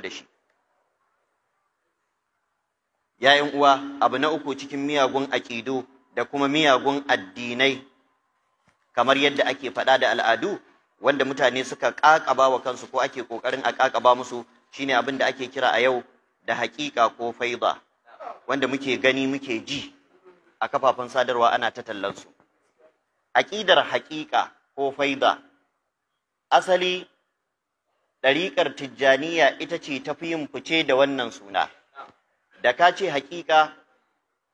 da shi yayin uwa abu na uku cikin miyagun aƙidu da kuma miyagun addinai kamar yadda ake faɗa da al'adu wanda mutane suka ƙaƙaba wa kansu ko ake ƙoƙarin a ƙaƙaba musu shine abin da ake kira a yau da haƙiƙa ko faiba wanda muke gani muke ji a kafafen sadarwa ana ta tallansu aƙidar haƙiƙa ko faiba asali ɗariƙar tijjaniya ita ce ta fi yin fice da wannan suna da ka ce haƙiƙa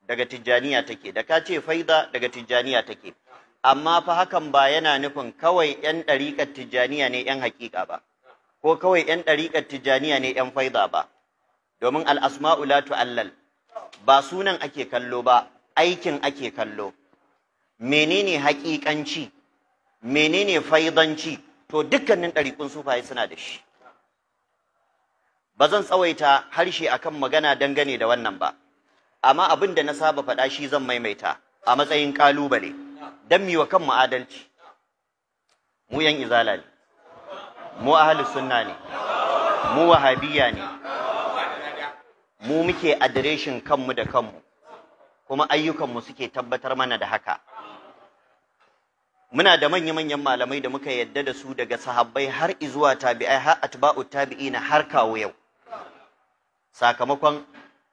daga tijjaniya take da ka ce faida daga tijjaniya take amma fa hakan ba yana nufin kawai 'yan ɗariƙar tijjaniya ne 'yan haƙiƙa ba ko kawai 'yan ɗariƙar tijjaniya ne 'yan faiza ba domin al'asma'u allal ba sunan ake kallo ba aikin ake kallo menene haƙiƙanci menene faidanci to dukkanin ɗariƙun sufaye suna da shi ba zan tsawaita harshe akan magana dangane da wannan ba amma abin da na saba faɗa shi zan maimaita a matsayin ƙalubale don mi wa kanmu adalci mu yan izala ne mu sunna ne mu wahabiya ne mu muke adireshin kanmu da kanmu kuma ayyukanmu suke tabbatar mana da haka muna da manya-manyan malamai da muka yadda da su daga sahabbai har izuwa tabi'ai har atba'u tabi'ina har kawo yau sakamakon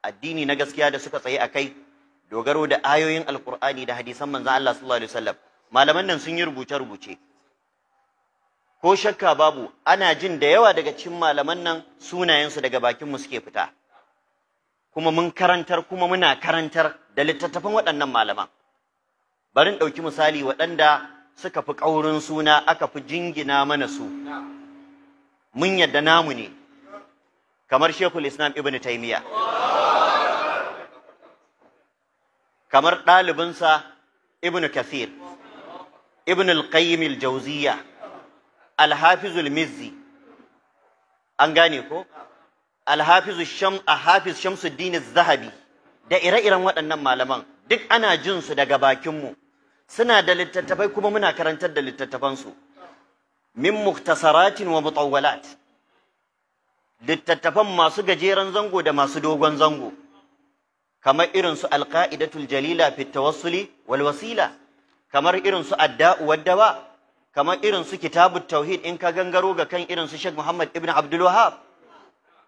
addini na gaskiya da suka tsaye a kai dogaro da ayoyin alkur'ani da hadisan manzon Allah sallallahu alaihi wasallam malaman nan sun yi rubuce rubuce ko shakka babu ana jin da yawa daga cikin malaman nan sunayensu daga bakin mu suke fita kuma mun karantar kuma muna karantar da littattafan waɗannan malaman barin ɗauki misali waɗanda suka fi ƙaurin suna aka fi jingina mana su mun yadda namu ne kamar shekul islam ibn taimiya kamar ɗalibinsa ibn kathir ibn al-qayyim al-jawziya al-hafiz al-mizzi an gane ko al-hafiz sham hafiz shamsuddin az-zahabi da ire-iren waɗannan malaman duk ana jin su daga bakin mu suna da littattafai kuma muna karantar da littattafansu min muktasaratin wa mutawwalat littattafan masu gajeren zango da masu dogon zango kamar irin su alqaidatul jalila fi tawassuli wal wasila kamar irin su adda'u waddawa kamar irin su kitabut tauhid in ka gangaro ga kan irin su Sheikh Muhammad ibn Abdul Wahhab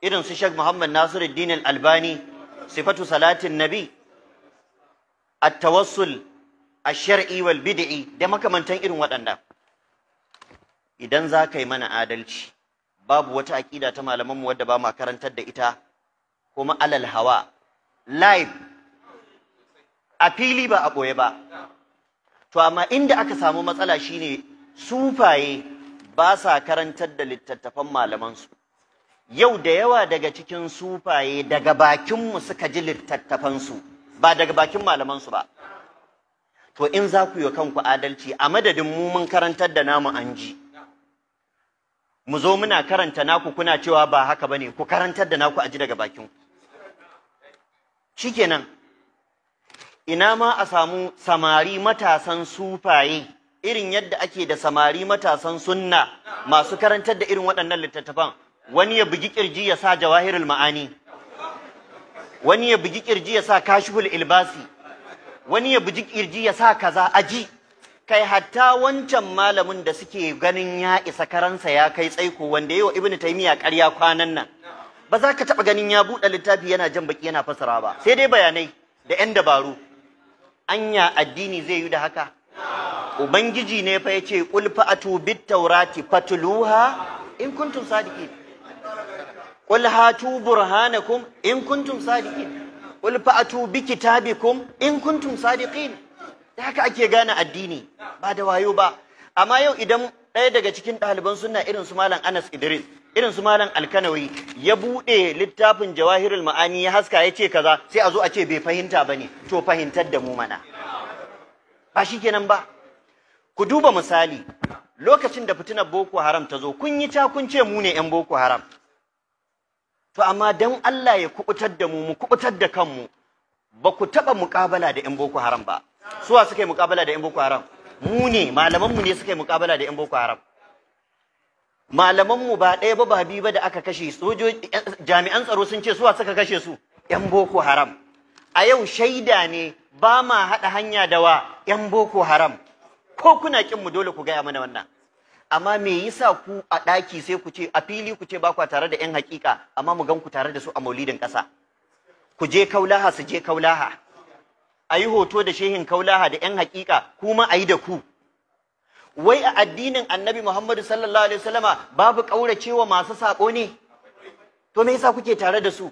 irin su Sheikh Muhammad Nasiruddin al-Albani sifatu salatin nabi at-tawassul ash-shar'i wal bid'i da makamantan irin waɗannan idan za ka yi mana adalci babu wata aƙida ta malamanmu wadda ba ma karantar da ita kuma alal hawa live a fili ba a ɓoye ba to amma inda aka samu matsala shine sufaye ba sa karantar da littattafan malamansu yau da yawa daga cikin sufaye daga bakinmu suka ji littattafansu ba daga bakin malamansu ba to in za ku yi kanku adalci a madadin mu mun karantar da namu an ji mu zo muna karanta naku kuna cewa ba haka bane ku karantar da naku a ji daga bakin ku shikenan ina ma a samu samari matasan sufaye irin yadda ake da samari matasan sunna masu karantar da irin waɗannan littattafan wani ya bugi kirji ya sa jawahirul ma'ani wani ya bugi kirji ya sa kashiful ilbasi wani ya bugi kirji ya sa kaza aji kai hatta wancan malamin da suke ganin ya isa karansa ya kai tsaiko wanda yau ibnu taymiya ƙarya kwanan nan ba za ka taɓa ganin ya buɗe littafi yana jan baki yana fasara ba sai dai bayanai da yan dabaru anya addini zai yi da haka ubangiji ne fa yace qul fa'atu bit tawrati fatluha in kuntum sadiqin qul hatu burhanakum in kuntum sadiqin qul fa'atu bi kitabikum in kuntum sadiqin da haka ake gane addini ba da wayo ba amma yau idan ɗaya daga cikin ɗaliban suna irin su malam Anas Idris irin su malam Alkanawi ya buɗe littafin Jawahirul Ma'ani ya haska ya ce kaza sai a zo a ce bai fahimta bane to fahimtar da mu mana ba shi kenan ba ku duba misali lokacin da fitinar Boko Haram ta zo kun yi ta mu ne ƴan Boko Haram to amma dan Allah ya kubutar da mu mu kubutar da kanmu ba ku taɓa muƙabala da ƴan Boko Haram ba suwa suka yi mukabala da yan boko haram mu ne malaman mu ne suka yi mukabala da yan boko haram malaman mu ba ɗaya ba ba biyu ba da aka kashe sojoji jami'an tsaro sun ce suwa suka kashe su yan boko haram a yau shaida ne ba ma haɗa hanya da wa yan boko haram ko kuna kin mu dole ku gaya mana wannan amma me yasa ku a ɗaki sai ku ce a fili ku ce ba kwa tare da yan hakika amma mu gan ku tare da su a maulidin ƙasa ku je kaulaha su je kaulaha a yi hoto da shehin kaulaha da 'yan hakika kuma a yi da ku wai a addinin annabi muhammadu sallallahu alaihi wasallama babu ƙauracewa masu saƙo ne to me yasa kuke tare da su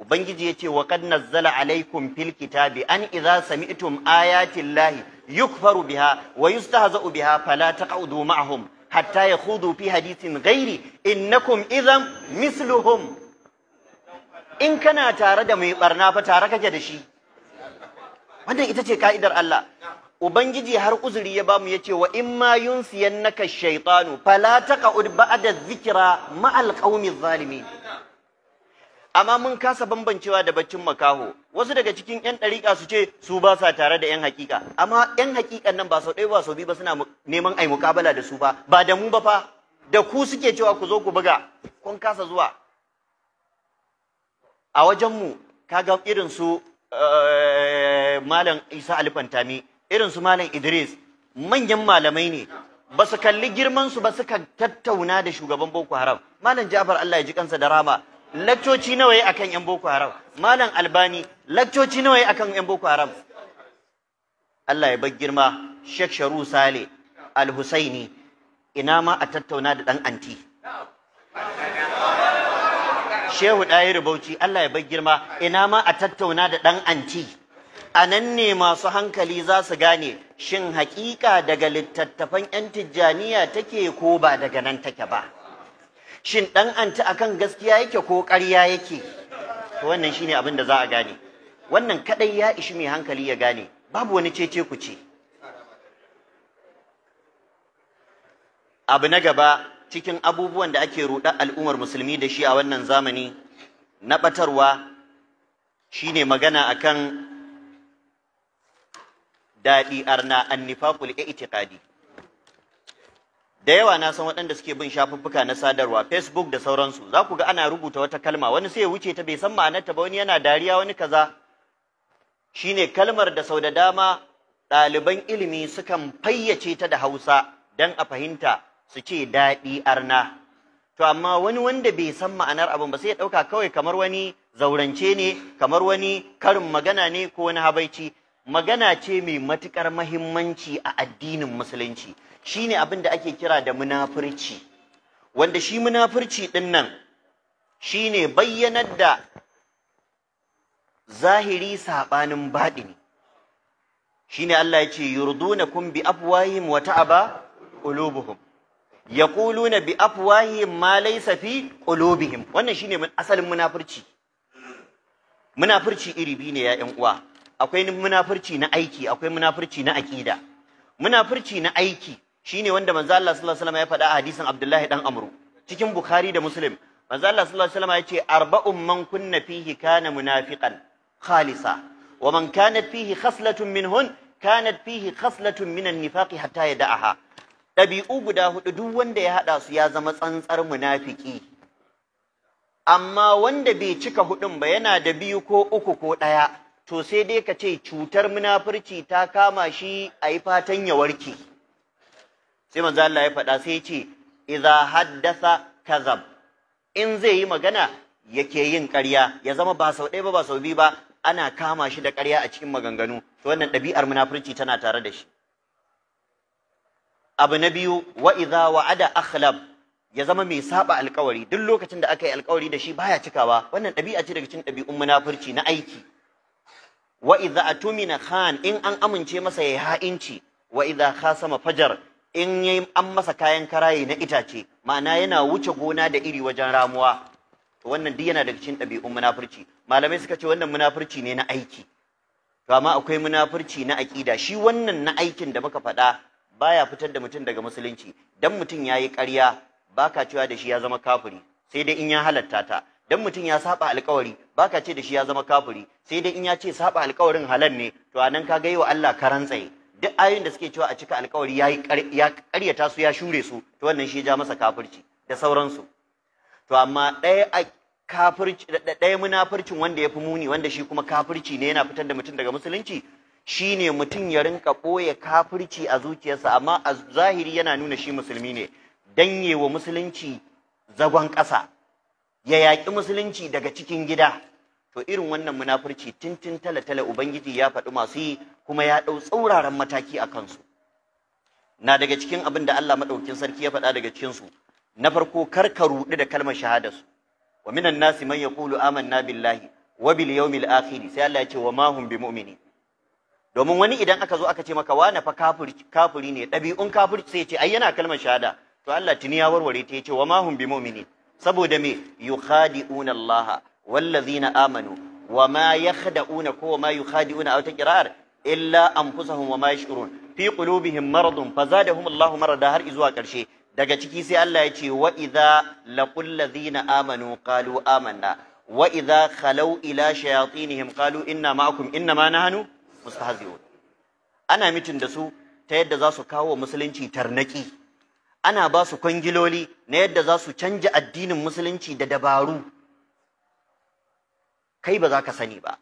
ubangiji ya ce wa kad nazzala alaikum fil kitabi an idza sami'tum ayatin lahi yukfaru biha wa yustahza'u biha fala taq'udu ma'ahum hatta yakhudu fi hadithin ghairi innakum idan misluhum in kana tare da mai ɓarna fa tare kake da shi wannan ita ce ka'idar Allah ubangiji har uzuri ya bamu ce wa in ma naka shaitanu fala taqud ba'da zikira ma qaumi zalimi. amma mun kasa bambancewa da baccin makaho wasu daga cikin yan dariƙa su ce su ba sa tare da yan haƙiƙa. amma yan haƙiƙan nan ba sau ɗaya ba sau biyu ba suna neman ai mukabala da su ba ba da mu ba fa da ku suke cewa ku zo ku buga kun kasa zuwa a wajenmu kaga irin su Eh, malam Isa alifantami irin su malam Idris manyan malamai ne ba su kalli girman su ba sukan tattauna da shugaban Boko Haram malam Jafar Allah ya ji kansa da rama lakcoci nawa yayi akan yan Boko Haram malam Albani lakcoci nawa yayi akan yan Boko Haram Allah ya bar girma Sheikh Sharu Sale Al-Husaini ina ma a tattauna da dan anti shehu ɗaya rubauci Allah ya bar girma ina ma a tattauna da ɗan anti a nan ne masu hankali za su gane shin haƙiƙa daga littattafan 'yan tijjaniya take ko ba daga nan take ba shin ɗan anti akan gaskiya yake ko ƙarya yake wannan shine abin da za a gane wannan kaɗai ya ishi mai hankali ya gane babu wani cece ku ce abu na gaba cikin abubuwan da ake ruɗa al'ummar musulmi da shi a wannan zamani na ɓatarwa shine magana a kan daɗi arna annifaqul i'tiqadi da yawa na san waɗanda suke bin shafuffuka na sadarwa facebook da sauransu za ku ga ana rubuta wata kalma wani sai ya wuce ta bai san ma'anarta ba wani yana dariya wani kaza shine kalmar da sau da dama ɗaliban ilimi sukan fayyace ta da hausa don a fahimta su ce daɗi arna to amma wani wanda bai san ma'anar abin ba sai ya ɗauka kawai kamar wani zaurance ne kamar wani karin magana ne ko wani habaici magana ce mai matuƙar mahimmanci a addinin musulunci shine abin da ake kira da munafurci wanda shi munafurci ɗin nan ne bayyanar da zahiri saɓanin baɗi. Shi ne Allah ya ce kun bi afwahim wata aba qulubuhum yaquluna bi afwahihim ma laysa fi qulubihim wannan shine asalin munafurci munafurci iri biyu ne ya ƴan uwa akwai munafurci na aiki akwai munafurci na aqida munafurci na aiki shine wanda manzo Allah sallallahu alaihi wasallam ya faɗa a hadisin Abdullahi dan Amru cikin Bukhari da Muslim manzo Allah sallallahu alaihi wasallam ya ce arba'un man kunna fihi kana munafiqan khalisa wa man kanat fihi khaslatun minhun kanat fihi khaslatun minan nifaqi hatta yada'aha ɗabi'u guda hudu duk wanda ya haɗa su ya zama tsantsar munafiki amma wanda bai cika hudun ba yana da biyu ko uku ko ɗaya to sai dai ka ce cutar munafurci ta kama shi a yi fatan ya warke sai manzo Allah ya faɗa sai ce iza haddasa kazab in zai yi magana yake yin ƙarya ya zama ba sau ɗaya ba ba sau biyu ba ana kama shi da ƙarya a cikin maganganu to wannan ɗabi'ar munafurci tana tare da shi abu na biyu wa wa'ada akhlab ya zama mai saba alkawari duk lokacin da aka yi alkawari da shi baya cikawa wannan ɗabi'a ce daga cikin ɗabi'un munafurci na aiki wa idza atumina khan in an amince masa yayi ha'inci wa idza khasama fajar in yayi an masa kayan karaye na itace ma'ana yana wuce gona da iri wajen ramuwa to wannan duk yana daga cikin ɗabi'un munafurci malamai suka ce wannan munafurci ne na aiki to amma akwai munafurci na aƙida shi wannan na aikin da muka faɗa baya fitar da mutum daga musulunci dan mutum yayi ƙarya baka cewa da shi ya zama kafiri sai dai in ya halatta ta dan mutum ya saba alƙawari baka ce da shi ya zama kafiri sai dai in ya ce saba alƙawarin halal ne to anan ka yi wa Allah karan tsaye duk ayoyin da suke cewa a cika alƙawari ya ƙaryata su ya shure su to wannan shi ya ja masa kafirci da sauransu to amma ɗaya kafirci ɗaya munafircin wanda ya fi muni wanda shi kuma kafirci ne yana fitar da mutum daga musulunci Shi ne mutum ya rinka ɓoye kafirci a zuciyarsa amma a zahiri yana nuna shi musulmi ne danye wa musulunci zagon ƙasa ya yaƙi musulunci daga cikin gida to irin wannan munafurci tintin tala-tala ubangiji ya faɗi masu yi kuma ya ɗau tsauraran mataki a kansu na daga cikin abin da Allah maɗaukin sarki ya faɗa daga cikinsu na farko kar ka ruɗu da kalmar shahadarsu wa minan nasi man yaqulu amanna billahi wa bil yawmil akhir sai Allah ya ce wa ma hum bimu'minin domin wani idan aka zo aka ce maka wane fa kafiri ne ɗabi'un kafirci sai ce ai yana kalmar shahada to Allah tuni ya warware ta yace wa ma hum muminin? saboda me yukhadi'una Allah wallazina amanu wa ma yakhda'una ko ma yukhadi'una aw taqrar illa anfusahum wa ma yash'urun fi qulubihim maradun fazadahum Allahu marada har zuwa karshe daga ciki sai Allah ya ce wa idza laqul ladzina amanu qalu amanna wa idza khalau ila shayatinihim qalu inna ma'akum inna ma nahnu ana mitin da su ta yadda za su kawo musulunci tarnaki ana ba su kwangiloli na yadda za su canja addinin musulunci da dabaru kai ba za ka sani ba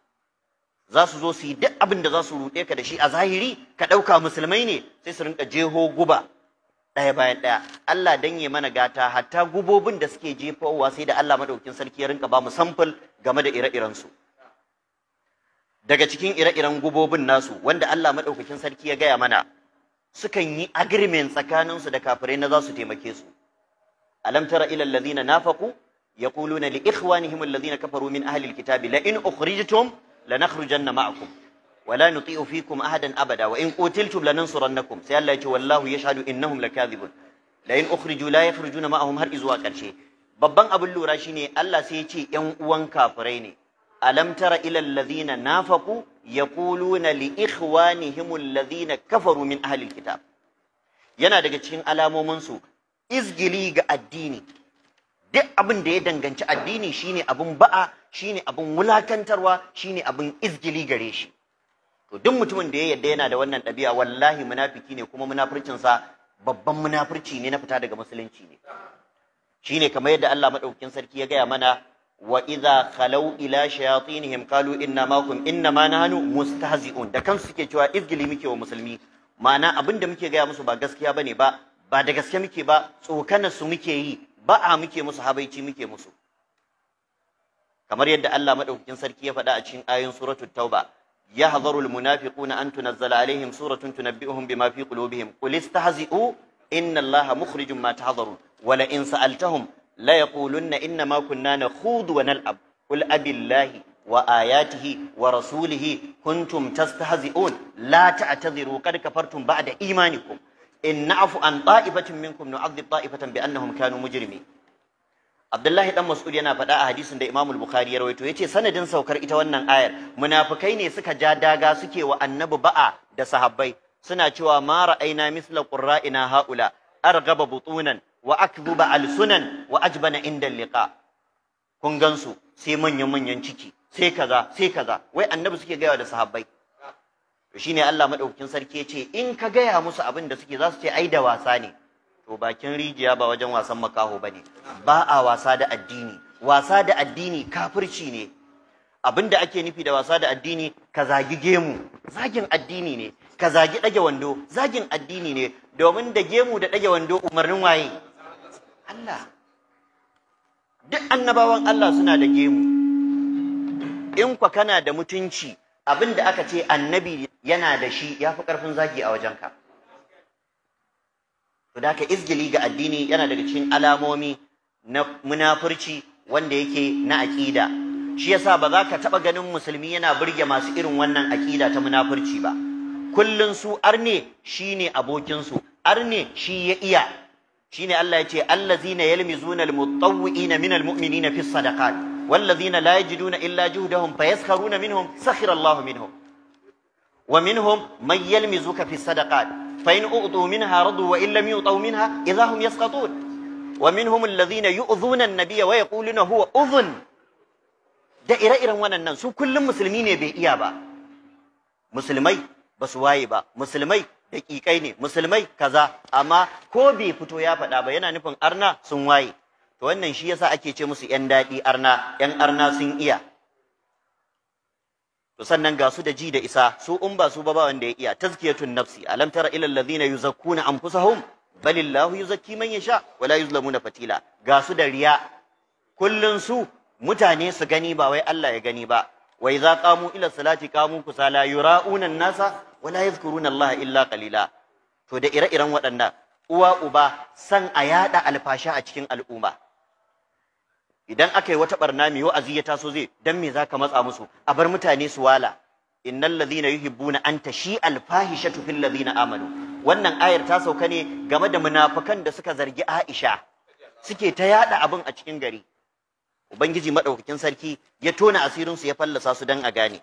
za su zo su yi duk abin da za su ruɗe ka da shi a zahiri ka ɗauka musulmai ne sai su rinka jeho guba ɗaya bayan ɗaya Allah danye mana gata hatta gubobin da suke jefowa sai da Allah maɗaukin sarki ya rinka ba mu samfil game da ire-irensu daga cikin ire-iren gubobin nasu wanda Allah maɗaukakin sarki ya gaya mana sukan yi agreement tsakaninsu da kafirai na za su taimake su alam tara ila allazina nafaqu yaquluna li ikhwanihim allazina kafaru min ahli alkitabi la in ukhrijtum lanakhrujanna ma'akum ولا نطيع abada, احدا ابدا وان قتلتم لننصرنكم sai Allah ya ce wallahu yashhadu innahum lakadhibun la in ukhriju la yakhrujuna ma'ahum har izuwa karshe babban abin lura shine Allah sai ya ce yan uwan kafirai ne alam tara ila alladhina nafaqu yaquluna li ikhwanihim alladhina kafaru min ahli alkitab yana daga cikin alamomin su izgili ga addini duk abin da ya danganci addini shine abin ba'a shine abin wulakantarwa shine abin izgili gare shi to duk mutumin da ya yadda yana da wannan ɗabi'a wallahi munafiki ne kuma munafircin sa babban munafirci ne na fita daga musulunci ne shine kamar yadda Allah madaukakin sarki ya gaya mana wa idza khalau ila shayatinihim qalu inna ma hum inna ma nahnu mustahzi'un da kansu suke cewa izgili muke wa musulmi ma'ana abin da muke gaya musu ba gaskiya bane ba ba da gaske muke ba tsokanar su muke yi ba a muke musu habaici muke musu kamar yadda Allah madaukakin sarki ya faɗa a cikin ayoyin suratul tauba yahzarul munafiquna an tunazzala alaihim suratun tunabbi'uhum bima fi qulubihim qul istahzi'u inna Allaha mukhrijum ma tahzarun wala in sa'altahum la yaqulunna inna makunna kunna nakhudu wa nal'ab qul abillahi wa ayatihi wa rasulihi kuntum tastahzi'un la ta'tadhiru qad kafartum ba'da imanikum in na'fu an ta'ifatin minkum nu'adhib ta'ifatan bi annahum kanu mujrimin Abdullahi dan Mas'ud yana faɗa a hadisin da Imam Bukhari ya rawaito yace sanadin saukar ita wannan ayar munafukai ne suka ja daga suke wa annabi ba'a da sahabbai suna cewa ma ra'aina misla qurra'ina haula gaba butunan wa akdhuba sunan wa ajbana inda liqa kun gansu sai manyan manyan ciki sai kaza sai kaza wai annabi suke gaya da sahabbai to shine Allah madaukakin sarki ya ce in ka gaya musu abin da suke za su ce ai da wasa ne to bakin rijiya ba wajen wasan makaho bane ba a wasa da addini wasa da addini kafirci ne abin da ake nufi da wasa da addini ka zagi gemu zagin addini ne ka zagi dage wando zagin addini ne domin da gemu da dage wando umarnin waye Allah duk annabawan Allah suna da gemu in kwa kana da mutunci abin da aka ce annabi yana da shi ya fi ƙarfin zagi a wajenka to da ka izgili ga addini yana daga cikin alamomi na munafurci wanda yake na aƙida shi yasa ba za ka taɓa ganin musulmi yana burge masu irin wannan aƙida ta munafurci ba kullun su arne shine abokinsu arne shi ya iya shine Allah ya ce allazina yalmizuna almutawwi'ina min almu'minina fi sadaqat wallazina la yajiduna illa juhdahum fayaskharuna minhum sakhira min minhum wa minhum man yalmizuka fi sadaqat fa in u'tu minha radu wa in lam yu'tu minha idha hum yasqatun wa minhum alladhina yu'dhuna na nabiyya wa yaquluna huwa udhun da ire-iren waɗannan su kullum musulmi ne bai iya ba musulmai basu waye ba musulmai daƙiƙai ne musulmai kaza amma ko bai fito ya faɗa ba yana nufin arna sun waye to wannan shi yasa ake ce musu yan daɗi arna yan arna sun iya to sannan ga su da ji da isa su in ba su ba ba wanda ya iya tazkiyatun nafsi alam tara ilal ladina yuzakkuna anfusahum balillahu yuzakki man yasha wala yuzlamuna fatila ga su da riya kullun su mutane su gani ba wai Allah ya gani ba wa idza qamu ila salati qamu kusala yura'una an-nasa wala yadhkuruna Allah illa Kalila. to da ire-iren waɗannan uwa uba san a yaɗa alfasha a cikin al'umma idan aka yi wata ɓarna mai wa'azi ya taso zai dan me zaka matsa musu a bar mutane su wala lazina ladhina yuhibbuna an alfahi alfahishatu fil Lazina amanu wannan ayar ta sauka ne game da munafukan da suka zargi Aisha suke ta yaɗa abin a cikin gari ubangiji maɗaukakin sarki ya tona asirin su ya fallasa su dan a gane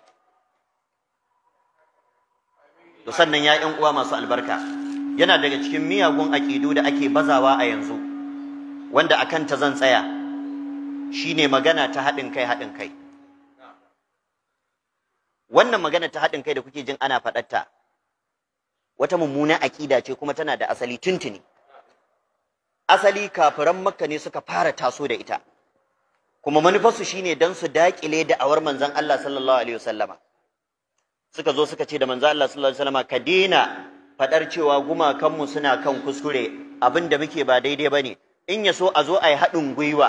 to sannan ya uwa masu albarka yana daga cikin miyagun aƙidu da ake bazawa a yanzu wanda akan ta zan tsaya shine magana ta haɗin kai haɗin kai wannan magana ta haɗin kai da kuke jin ana faɗatta wata mummunan aƙida ce kuma tana da asali tuntuni asali kafiran makka ne suka fara taso da ita kuma manufarsu shine don su daƙile da awar manzon Allah sallallahu alaihi wasallama suka zo suka ce da manzo Allah sallallahu alaihi wasallam ka dena fadar cewa gumakanmu suna kan kuskure Abinda muke ba daidai bane in yaso so a zo a yi haɗin gwiwa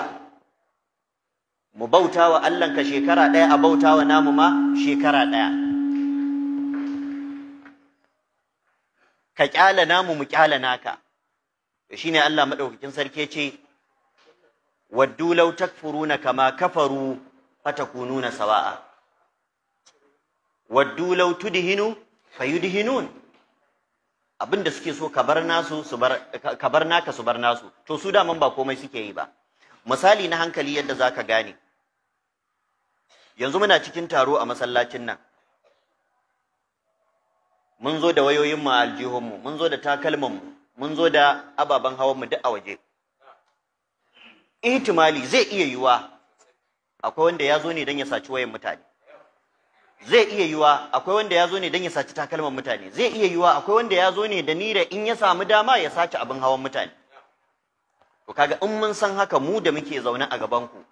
mu bauta wa ka shekara daya a bauta wa namu ma shekara daya. ka kyala namu mu kyala naka shi ne Allah maɗaukakin sarki ce waddu law takfuruna kama kafaru fatakununa sawa'a waddu law tudhinu fayudhinun abin da suke so ka bar nasu su bar ka bar naka su bar nasu to su daman ba komai suke yi ba misali na hankali yadda zaka gane yanzu muna cikin taro a masallacin nan mun zo da wayoyin mu aljihun mun zo da takalman mu mun zo da ababen hawan mu duk a waje ihtimali zai iya yiwa akwai wanda ya zo ne don ya saci wayan mutane zai iya yiwa akwai wanda ya zo ne don ya saci takalman mutane zai iya yiwa akwai wanda ya zo ne da nira in ya samu dama ya sace abin hawan mutane to kaga in mun san haka mu da muke zaune a gaban ku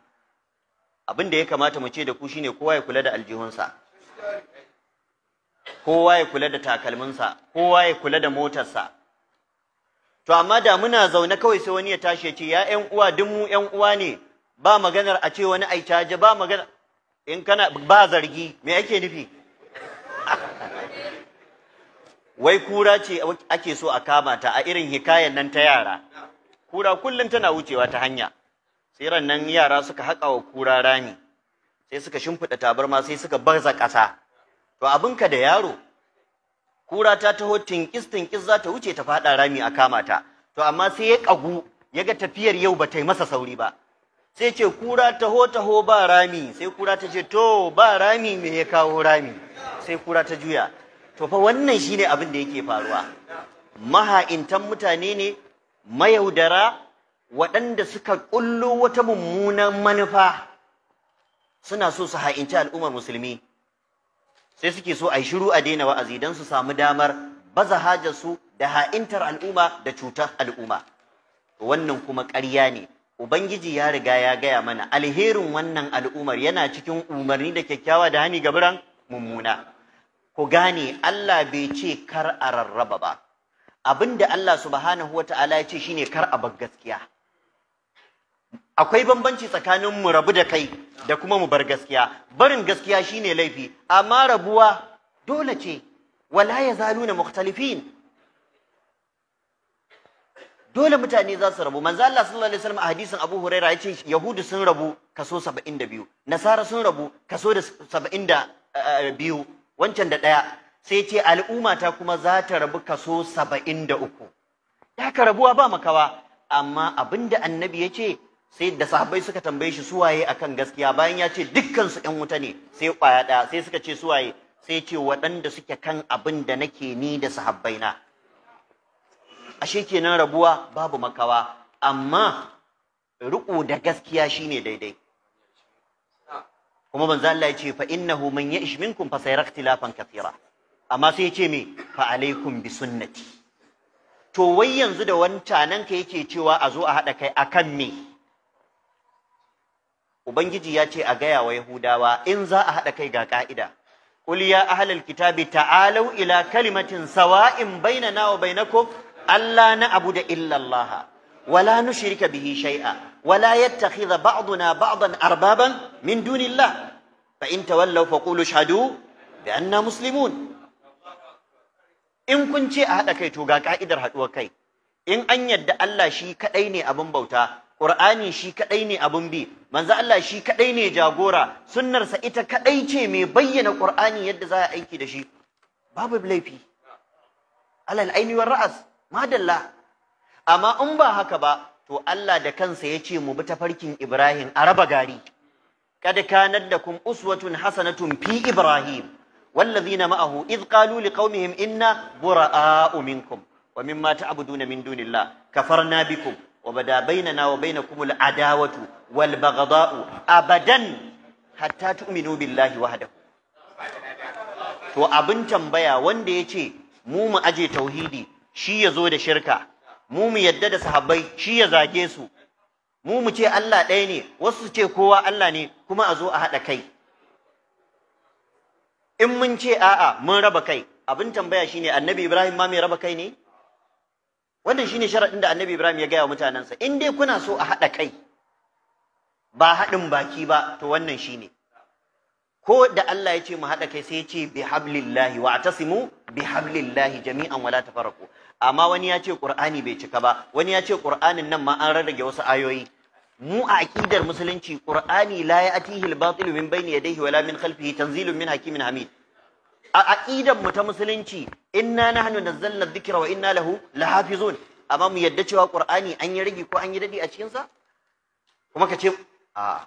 abin da ya kamata mu ce da ku shine kowa ya kula da aljihunsa kowa ya kula da takalminsa kowa ya kula da motarsa to amma da muna zaune kawai sai wani ya tashi ya ce ya 'yan uwa duk mu 'yan uwa ne ba maganar a ce wani ai ba maganar in kana ba zargi me ake nufi wai kura ce ake so a kama ta a irin hikayen nan ta yara kura kullum tana wucewa ta hanya sai nan yara suka haƙa wa kura rami sai suka shimfiɗa tabarma sai suka barza ƙasa to abinka da yaro kura ta taho tinkis tinkis za ta wuce ta faɗa rami a kama ta to amma sai ya ƙagu ya ga tafiyar yau ba ta yi masa sauri ba sai ce kura taho taho ba rami sai kura ta ce to ba rami me ya kawo rami sai kura ta juya to fa wannan shine abin da yake faruwa maha'intan mutane ne mayaudara waɗanda suka ƙullo wata mummunan manufa suna so su ha'inci al'ummar musulmi sai suke so a yi shiru a daina wa'azi don su samu damar baza hajarsu da ha'intar al'umma da cutar al'umma wannan kuma ƙarya ne Ubangiji ya riga ya gaya mana alherin wannan al'umar yana cikin umarni da kyakkyawa da hani ga gaburan mummuna. Ku gane Allah bai ce kar a rarraba ba, abin da Allah subhanahu wa ta'ala ya ce shi ne kar a bar gaskiya. Akwai bambanci tsakanin mu rabu da kai da kuma mu bar gaskiya, barin gaskiya shi ne laifi, amma rabuwa dole ce, wala ya zalu na dole mutane za su rabu manzo Allah sallallahu alaihi wasallam a hadisin Abu Huraira yace Yahudu sun rabu kaso 72 Nasara sun rabu kaso da 72 wancan da daya sai ce al'umma ta kuma za ta rabu kaso 73 ya ka rabuwa ba makawa amma abinda annabi yace sai da sahabbai suka tambaye shi suwaye akan gaskiya bayan ya ce dukkansu su ƴan wuta ne sai kwaya daya sai suka ce suwaye sai ce waɗanda suke kan abin da nake ni da sahabbaina ashe kenan rabuwa babu makawa amma ruku da gaskiya shine daidai kuma manzo Allah yace ce fa innahu man ya'ish minkum fa sayara ikhtilafan kathira amma sai ya me fa alaikum bi sunnati to wai yanzu da wancanan ka yake cewa a zo a hada kai akan me ubangiji yace a gaya wa yahudawa in za a hada kai ga ka'ida qul ya ahlal kitabi ta'alu ila kalimatin sawa'in bainana wa bainakum Allah na abu da illallah wala nushrika bihi shay'a wala yattakhidha ba'duna ba'dan arbaban min dunillah fa in tawallaw faqulu shahadu bi anna muslimun in kun ce a hada kai to ga ka'idar haduwar kai in an yadda Allah shi kadai ne abin bauta Qur'ani shi kadai ne abin bi manzo Allah shi kadai ne jagora sunnarsa ita kadai ce mai bayyana Qur'ani yadda za a aiki da shi babu laifi alal aini ra'as madalla amma in ba haka ba to Allah da kansa ya ce mu bi tafarkin Ibrahim a raba gari kad kanar da kum uswatun hasanatun fi Ibrahim wallazina ma'ahu iz qalu liqaumihim inna bura'a'u minkum wa mimma ta'buduna min dunillah kafarna bikum wa bada bainana wa bainakum al'adawatu wal baghdha'u abadan hatta tu'minu billahi wahdahu to abin tambaya wanda yace mu mu aje tauhidi shi ya zo da shirka mu mu yadda da sahabbai shi ya zage su mu mu ce Allah ɗaya ne wasu ce kowa Allah ne kuma a zo a haɗa kai in mun ce a'a mun raba kai abin tambaya shine annabi Ibrahim ma mai raba kai ne wannan shi ne sharaɗin da annabi Ibrahim ya gaya wa mutanensa in dai kuna so a haɗa kai ba haɗin baki ba to wannan shi ne. ko da Allah ya ce mu haɗa kai sai ya ce bi hablillahi wa tasimu bi hablillahi jami'an wala ta tafarraqu amma wani ya ce Kur'ani bai cika ba wani ya ce ƙur'anin nan ma an rarrage wasu ayoyi mu a aqidar musulunci ƙur'ani la ya'tihi al-batil min bayni yadayhi wala min khalfihi tanzilun min hakimin hamid a aqidar mu ta musulunci inna nahnu nazzalna dhikra wa inna lahu lahafizun amma mu yadda cewa Kur'ani an yi rigi ko an yi dadi a cikin sa kuma ka ce a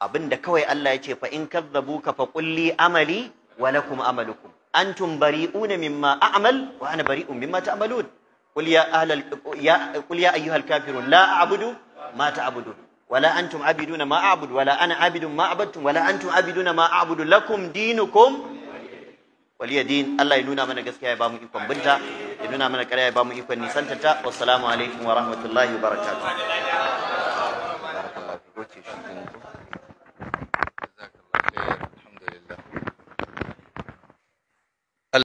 abinda kawai Allah ya ce fa in kazzabuka fa qulli amali wa lakum amalukum antum bari'una mimma a'mal wa ana bari'un mimma ta'malun qul ya ahlal ya qul ya ayyuhal kafirun la a'budu ma ta'budun wala antum abiduna ma a'budu wala ana abidun ma abadtum wala antum abiduna ma a'budu lakum dinukum waliya din Allah ya nuna mana gaskiya ya bamu ikon binta ya nuna mana ƙarya ya bamu ikon nisanta ta wassalamu alaikum wa rahmatullahi wa